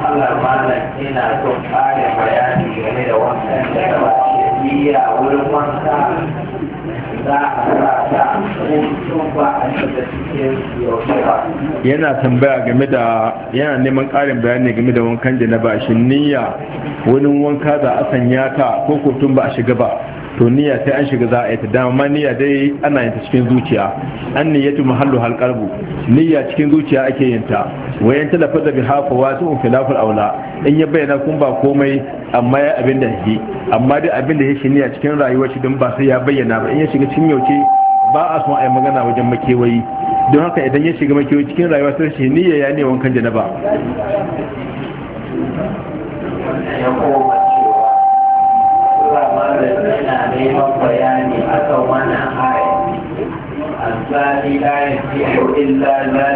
Allah malam ina son kare bayani game da wannan da ba biya wurin wanka za a sa ta hutun ba a shiga cikin yana tambaya game da yana neman ƙarin bayani game da wankan da na ba shi niyya wurin wanka da a sanya ta ko kotun ba a shiga ba to niyya sai an shiga za a yi ta dama ma niyya dai ana yin ta cikin zuciya an niyyatu mahallu hal qalbu niyya cikin zuciya ake yin ta wayan bi hafa wa tu khilaful aula in ya bayyana kun ba komai amma ya abin da yake amma dai abin da yake niyya cikin rayuwar shi din ba sai ya bayyana ba in ya shiga cikin yauce ba a son a yi magana wajen makewayi don haka idan ya shiga makewayi cikin rayuwa sai shi niyya ya ne wankan janaba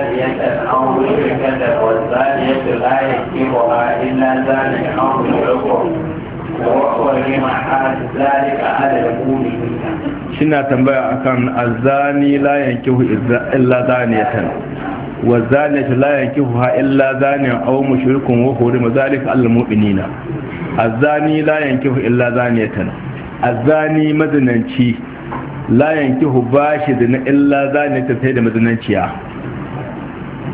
زانية أو مشركة والزانية لا يكتبها إلا زاني أو مشركة shina tambaya akan azani la yankihu illa zaniyatan wa zaniyatu la yankihu ha illa zaniyan aw mushrikun wa hurima zalika al mu'minina azani la yankihu illa zaniyatan azani mazinanci la yankihu bashi da illa zaniyatan sai da mazinanciya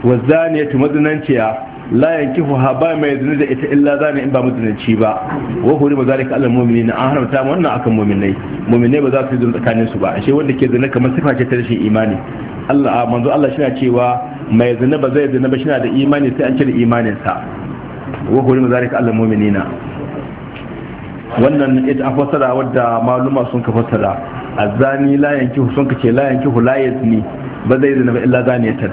wa zaniyatu madananciya la yankihu ha ba mai zuni da ita illa zani in ba mutunci ba wa huri ba zalika alal mu'minin an haramta mu wannan akan mu'minai mu'minai ba za su yi zuni tsakanin su ba ashe wanda ke zina kamar sifa ce ta rashin imani Allah manzo Allah shi cewa mai zina ba zai zina ba shi da imani sai an cire imanin sa wa huri ba zalika alal mu'minina wannan ita an fassara wadda maluma sun ka fassara azani la yankihu sun ka ce la yankihu la yazni ba zai zina ba illa zaniyatan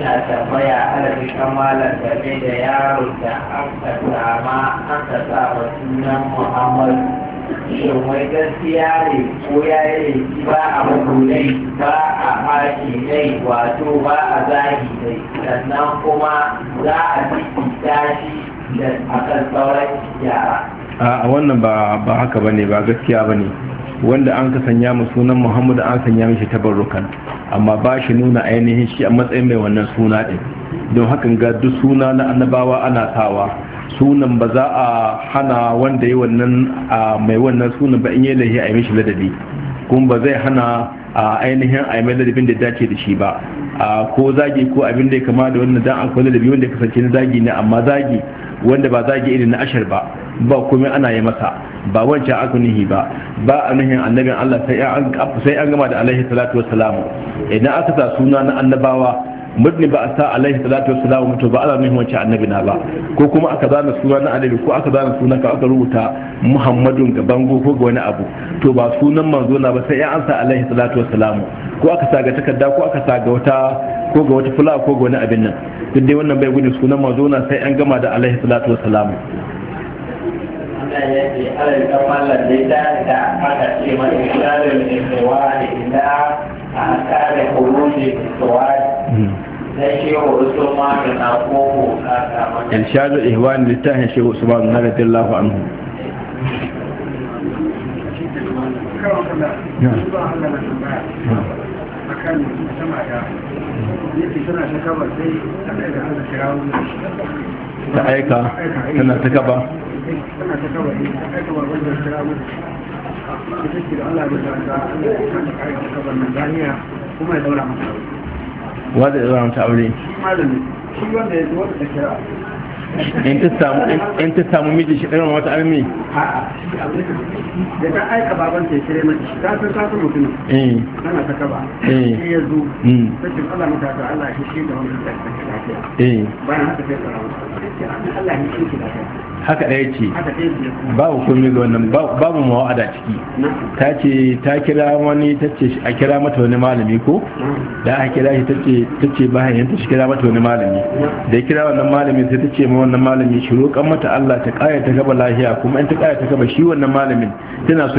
yana tambaya alabi kamalar game da yaro da aka sama aka sama sunan muhammad shin wai gaskiya ne ko ya yi laifi ba a makulai ba a maki dai wato ba a zahi dai sannan kuma za a ciki tashi da akan sauran yara a wannan ba haka ba ne, ba gaskiya ba ne. wanda an ka sanya mu sunan muhammadu an sanya mishi tabarrukan amma ba shi nuna ainihin shi a matsayin mai wannan suna ɗin don hakan ga duk suna na annabawa ana sawa sunan ba za a hana wanda ya wannan mai wannan sunan ba in yi lahi a yi mishi ladabi kuma ba zai hana ainihin a yi mai ladabin da dace da shi ba ko zagi ko abin da ya kama da wannan dan akwai ladabi wanda ya kasance na zagi ne amma zagi wanda ba zagi irin na ashar ba ba komai ana yi masa ba wancan aka nihi ba ba a nuhin annabin Allah sai an gama da alaihi salatu wassalamu idan aka sa suna na annabawa mudni ba a sa alaihi salatu wassalamu mutu ba ana nuhin wancan annabi na ba ko kuma aka zana suna na annabi ko aka zana suna ka aka rubuta muhammadun ga bango ko ga wani abu to ba sunan manzo na ba sai an sa alaihi salatu wassalamu ko aka sa ga takarda ko aka sa ga wata ko ga wata fulawa ko ga wani abin nan duk dai wannan bai gudu sunan manzo na sai an gama da alaihi salatu wassalamu يأتي على الكمال الذي لا يتعقد في مجال الانطوال إلا أعتاد خروج الانطوال إنشاد الإهوان لتاه شيخ عثمان رضي الله عنه نعم wa ya zaura mata aure in ta samu miji shi ɗaya mata armi da ta aika baban ta shirya mata shi eh. ta eh. san mutum tana ta kaba shi ya zo ta ce Allah mata ta Allah da wani ta ta lafiya bayan haka sai ta rawa Allah shi ta haka ɗaya ce babu komai ga wannan babu mawa'ada ciki ta ce ta kira wani ta ce a kira mata wani malami ko da aka kira shi ta ce bayan ta shi kira mata wani malami da kira wannan malami sai ta ce ma wannan malami shi roƙan mata Allah ta ƙaya ta gaba lahiya kuma in ta ƙaya ta gaba shi wannan malamin tana so